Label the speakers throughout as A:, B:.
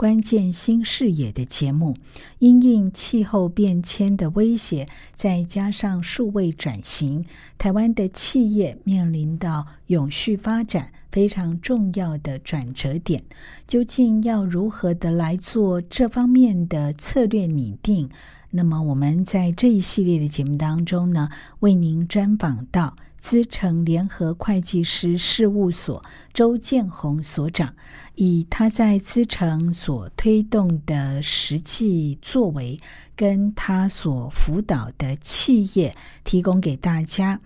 A: 關鍵新視野的節目，因應氣候變遷的威脅，再加上數位轉型，台灣的企業面臨到永續發展非常重要的轉折點。究竟要如何的來做這方面的策略擬定？那麼我們在這一系列的節目當中呢，為您專訪到資誠聯合會計師事務所周建宏所長，以他在資誠所推動的實際作為，跟他所輔導的企業提供給大家。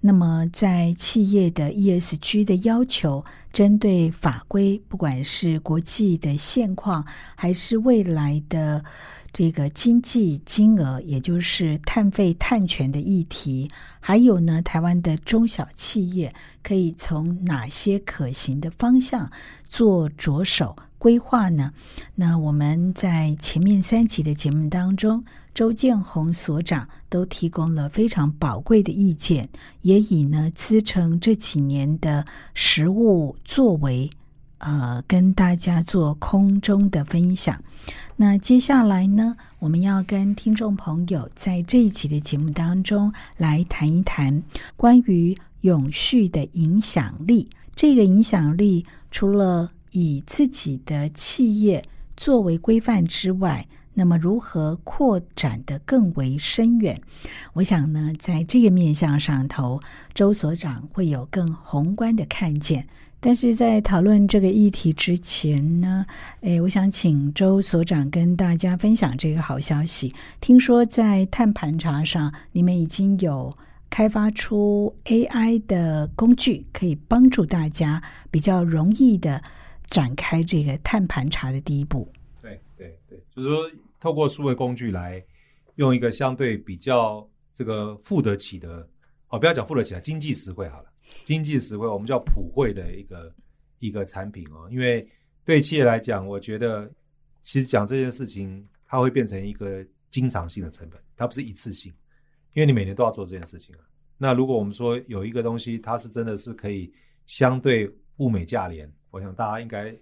A: 那麼，在企業的 ESG 的要求、針對法規，不管是國際的現況，還是未來的這個經濟金額，也就是碳費、碳權的議題，還有呢，台灣的中小企業可以從哪些可行的方向做着手規劃呢？那我們在前面三集的節目當中，周建宏所長。都提供了非常寶貴的意見，也以呢資誠這幾年的實務作為，呃，跟大家做空中的分享。那接下來呢，我們要跟聽眾朋友在這一期的節目當中來談一談關於永續的影響力。這個影響力除了以自己的企業作為規範之外，那麼如何擴展得更為深遠？我想呢，在這個面向上頭，周所長會有更宏觀的看見。但是在討論這個議題之前呢，哎，我想請周所長跟大家分享這個好消息。聽說在碳盤查上，你們已經有開發出 AI 的工具，可以幫助大家比較容易地展開這個碳盤查的第一步。對
B: 對對，就是說。透過數位工具來用一個相對比較這個付得起的，哦，不要講付得起啊，經濟實惠好了，經濟實惠，我們叫普惠的一個一個產品哦。因為對企業來講，我覺得其實講這件事情，它會變成一個經常性的成本，它不是一次性，因為你每年都要做這件事情啊。那如果我們說有一個東西，它是真的是可以相對物美價廉，我想大家應該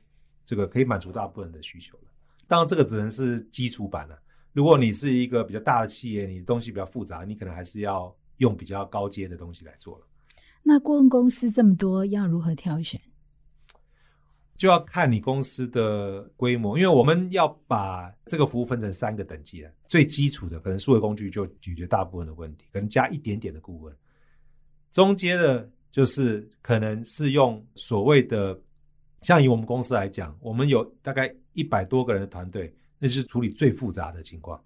B: 這個可以滿足大部分的需求了。當然，這個只能是基礎版的。如果你是一個比較大的企業，你的東西比較複雜，你可能還是要用比較高階的東西來做。那
A: 顧問公司這麼多，要如何挑選？
B: 就要看你公司的規模，因為我們要把這個服務分成三個等級。最基礎的，可能數位工具就解決大部分的問題，可能加一點點的顧問。中階的，就是可能是用所謂的。像以我們公司來講，我們有大概一百多個人的團隊，那就是處理最複雜的情況。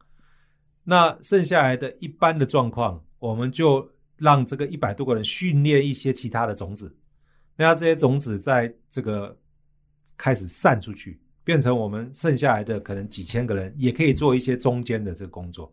B: 那剩下來的一般的狀況，我們就讓這個一百多個人訓練一些其他的種子，那這些種子在這個開始散出去，變成我們剩下來的可能幾千個人也可以做一些中間的這個工作。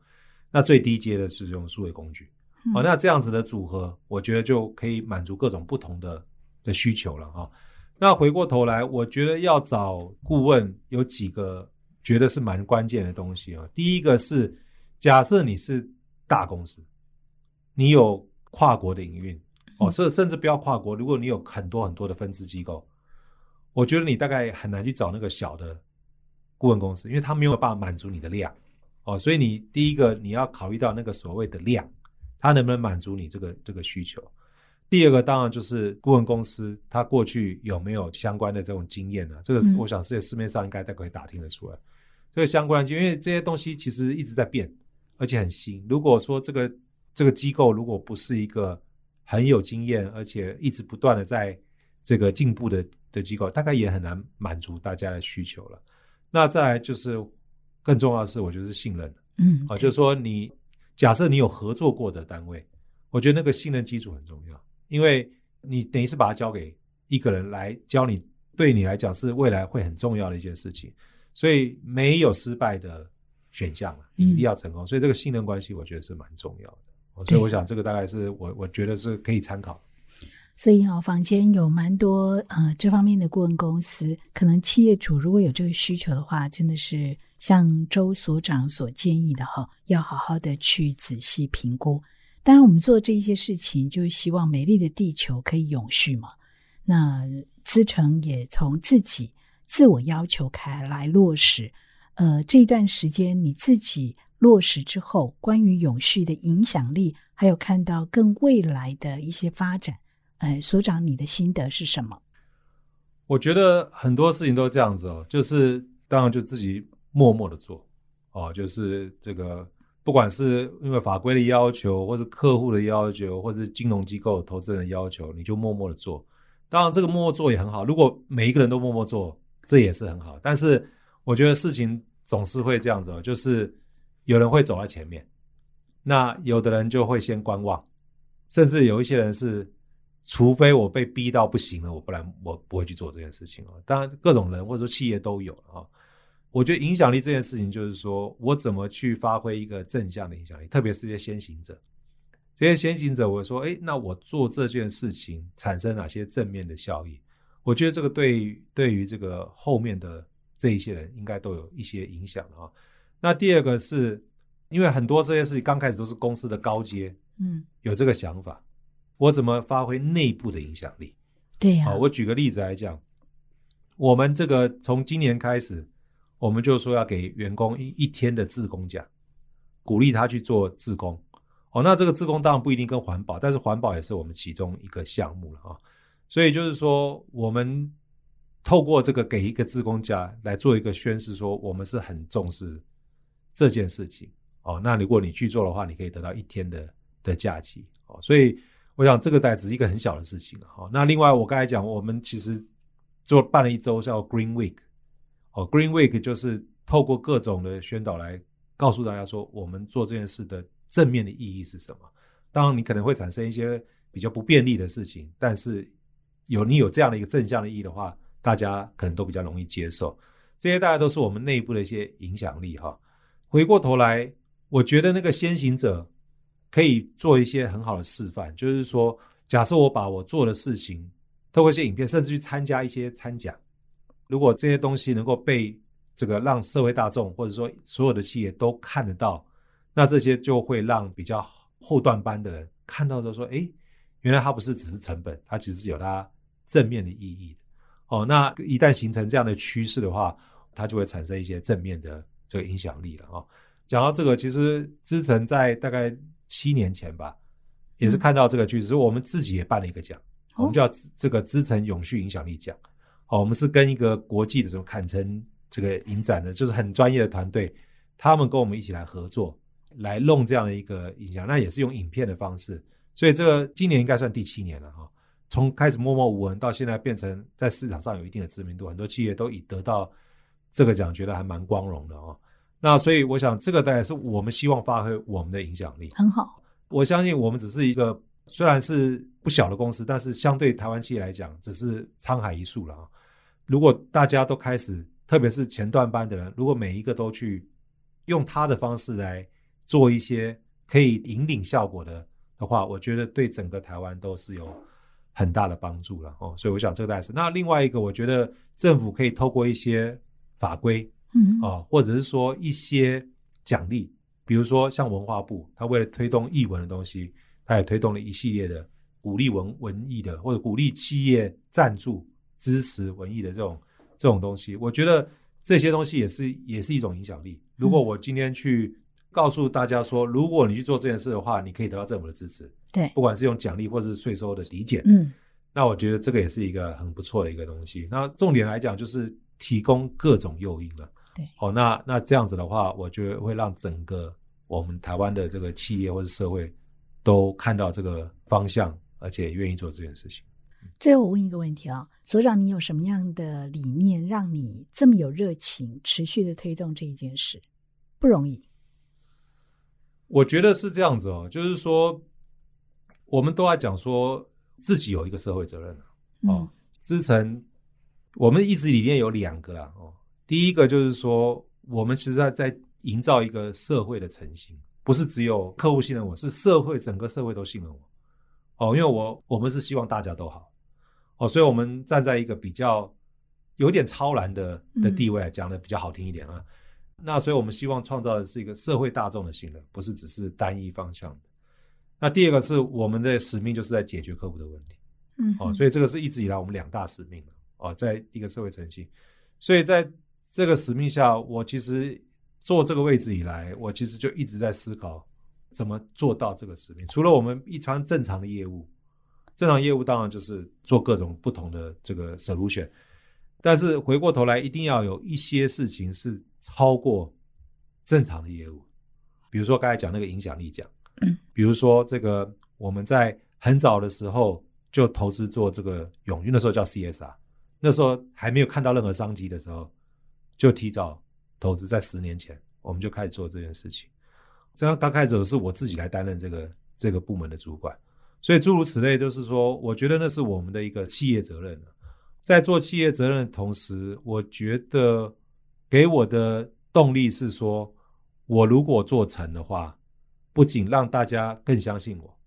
B: 那最低階的是用數位工具，好、嗯哦，那這樣子的組合，我覺得就可以滿足各種不同的的需求了哈、哦。那回過頭來，我覺得要找顧問有幾個覺得是蠻關鍵的東西啊、哦。第一個是，假設你是大公司，你有跨國的營運哦，甚甚至不要跨國，如果你有很多很多的分支機構，我覺得你大概很難去找那個小的顧問公司，因為他沒有辦法滿足你的量哦。所以你第一個你要考慮到那個所謂的量，他能不能滿足你這個這個需求。第二個當然就是顧問公司，他過去有沒有相關的這種經驗啊，這個是我想，是在市面上應該都可以打聽得出來。這個相關，就因為這些東西其實一直在變，而且很新。如果說這個這個機構如果不是一個很有經驗，而且一直不斷的在這個進步的的機構，大概也很難滿足大家的需求了。那再來就是更重要的是，我覺得是信任，嗯，好、啊，就是說你假設你有合作過的單位，我覺得那個信任基礎很重要。因為你等於是把它交給一個人來教你，對你來講是未來會很重要的一件事情，所以沒有失敗的選項了、啊、嗯、一定要成功。所以這個信任關係，我覺得是蠻重要的。嗯、所以我想，這個大概是我對我覺得是可以參考。
A: 所以哦，坊間有蠻多呃這方面的顧問公司，可能企業主如果有這個需求的話，真的是像周所長所建議的哈、哦，要好好的去仔細評估。當然，我們做這一些事情，就是希望美麗的地球可以永續嘛。那資誠也從自己自我要求開來落實。呃，這一段時間你自己落實之後，關於永續的影響力，還有看到更未來的一些發展，哎、呃，所長你的心得是什麼？
B: 我覺得很多事情都是這樣子哦，就是當然就自己默默的做哦，就是這個。不管是因為法規的要求，或是客戶的要求，或是金融機構、投資人的要求，你就默默的做。當然，這個默默做也很好。如果每一個人都默默做，這也是很好。但是，我覺得事情總是會這樣子，就是有人會走在前面，那有的人就會先觀望，甚至有一些人是，除非我被逼到不行了，我不然我不會去做這件事情哦。當然，各種人或者說企業都有啊。我覺得影響力這件事情，就是說我怎麼去發揮一個正向的影響力，特別是一些先行者，這些先行者，我說，誒，那我做這件事情產生哪些正面的效益？我覺得這個對於對於這個後面的這一些人，應該都有一些影響啊。那第二個是，因為很多這些事情剛開始都是公司的高階，嗯，有這個想法，我怎麼發揮內部的影響力？對呀，啊，好，哦，我舉個例子來講，我們這個從今年開始。我們就說要給員工一一天的志工假，鼓勵他去做志工。哦，那這個志工當然不一定跟環保，但是環保也是我們其中一個項目了啊、哦。所以就是說，我們透過這個給一個志工假來做一個宣示，說我們是很重視這件事情。哦，那如果你去做的話，你可以得到一天的的假期。哦，所以我想這個大概是一個很小的事情。好、哦，那另外我剛才講，我們其實做辦了一周叫 Green Week。哦，Green Week 就是透過各種的宣導來告訴大家說，我們做這件事的正面的意義是什麼。當然，你可能會產生一些比較不便利的事情，但是有你有這樣的一個正向的意義的話，大家可能都比較容易接受。這些大家都是我們內部的一些影響力哈。回過頭來，我覺得那個先行者可以做一些很好的示範，就是說，假設我把我做的事情透過一些影片，甚至去參加一些參講。如果這些東西能夠被這個讓社會大眾或者說所有的企業都看得到，那這些就會讓比較後段班的人看到說，哎，原來它不是只是成本，它其實是有它正面的意義的哦。那一旦形成這樣的趨勢的話，它就會產生一些正面的這個影響力了哦。講到這個，其實資誠在大概七年前吧，也是看到這個趨勢，所以我們自己也辦了一個獎，我們叫這個資誠永續影響力獎。哦，我們是跟一個國際的這種坎城這個影展的，就是很專業的團隊，他們跟我們一起來合作，來弄這樣的一個影像，那也是用影片的方式。所以這個今年應該算第七年了哈，從開始默默無聞到現在變成在市場上有一定的知名度，很多企業都已得到這個獎，覺得還蠻光榮的哈，那所以我想，這個大概是我們希望發揮我們的影響力，很好。我相信我們只是一個。雖然是不小的公司，但是相對台灣企業來講，只是滄海一粟了啊！如果大家都開始，特別是前段班的人，如果每一個都去用他的方式來做一些可以引領效果的的話，我覺得對整個台灣都是有很大的幫助了哦。所以我想這個大事，那另外一個，我覺得政府可以透過一些法規，嗯，啊，或者是說一些獎勵，比如說像文化部，他為了推動藝文的東西。他也推動了一系列的鼓勵文文藝的，或者鼓勵企業贊助支持文藝的這種這種東西。我覺得這些東西也是也是一種影響力。如果我今天去告訴大家說，如果你去做這件事的話，你可以得到政府的支持，對，不管是用獎勵或是稅收的抵減。嗯，那我覺得這個也是一個很不錯的一個東西。那重點來講就是提供各種誘因了，對，哦，那那這樣子的話，我覺得會讓整個我們台灣的這個企業或者社會。都看到這個方向，而且願意做這件事情。嗯、
A: 最後，我問一個問題啊、哦，所長，你有什麼樣的理念，讓你這麼有熱情，持續的推動這一件事？不容易。
B: 我覺得是這樣子哦，就是說，我們都要講說自己有一個社會責任了、啊嗯、哦。資誠，我們一直理念有兩個啊，哦。第一個就是說，我們其實在在營造一個社會的誠信。不是只有客戶信任我，是社會，整個社會都信任我，哦，因為我，我們是希望大家都好，哦，所以我們站在一個比較有點超然的、的地位，講得比較好聽一點啊，嗯、那所以我們希望創造的是一個社會大眾的信任，不是只是單一方向的。那第二個是我們的使命，就是在解決客戶的問題，嗯
A: 哼，哦，所以
B: 這個是一直以來我們兩大使命哦，在一個社會誠信，所以在這個使命下，我其實。做這個位置以來，我其實就一直在思考怎麼做到這個事情。除了我們一常正常的業務，正常業務當然就是做各種不同的這個 solution，但是回過頭來，一定要有一些事情是超過正常的業務。比如說剛才講那個影響力獎，比如說這個我們在很早的時候就投資做這個永續，因為那時候叫 CSR，那時候還沒有看到任何商機的時候，就提早。投資在十年前，我們就開始做這件事情。這樣剛開始是我自己來擔任這個這個部門的主管，所以諸如此類，就是說，我覺得那是我們的一個企業責任。在做企業責任的同時，我覺得給我的動力是說，我如果做成的話，不僅讓大家更相信我，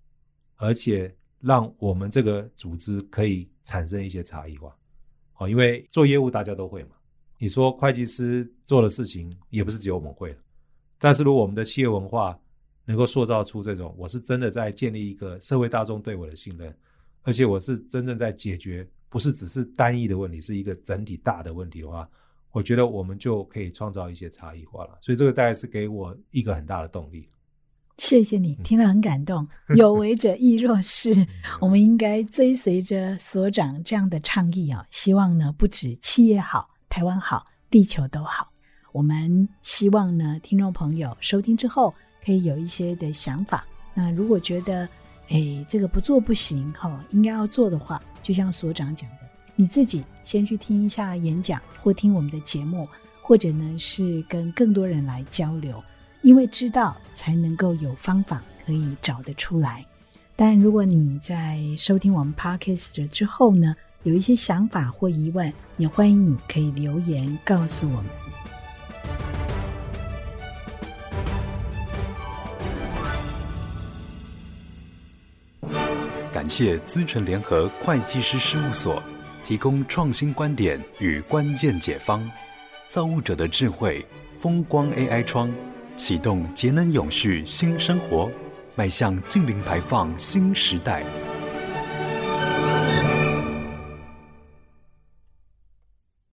B: 而且讓我們這個組織可以產生一些差異化。好，因為做業務大家都會嘛。你說會計師做的事情也不是只有我們會，但是如果我們的企業文化能夠塑造出這種，我是真的在建立一個社會大眾對我的信任，而且我是真正在解決，不是只是單一的問題，是一個整體大的問題的話，我覺得我們就可以創造一些差異化了。所以這個大概是給我一個很大的動力。
A: 謝謝你，嗯、聽了很感動。有為者亦若是， 我們應該追隨着所長這樣的倡議啊、哦！希望呢，不止企業好。台灣好，地球都好。我們希望呢，聽眾朋友收聽之後，可以有一些的想法。那如果覺得，哎，這個不做不行，哦，應該要做的話，就像所長講的，你自己先去聽一下演講，或聽我們的節目，或者呢是跟更多人來交流，因為知道才能夠有方法可以找得出來。但如果你在收聽我們 Podcast 之後呢，有一些想法或疑問，也歡迎你可以留言告訴我們。
B: 感謝資誠聯合會計師事務所提供創新觀點與關鍵解方，造物者的智慧，風光 AI 窗，啟動節能永續新生活，邁向淨零排放新時代。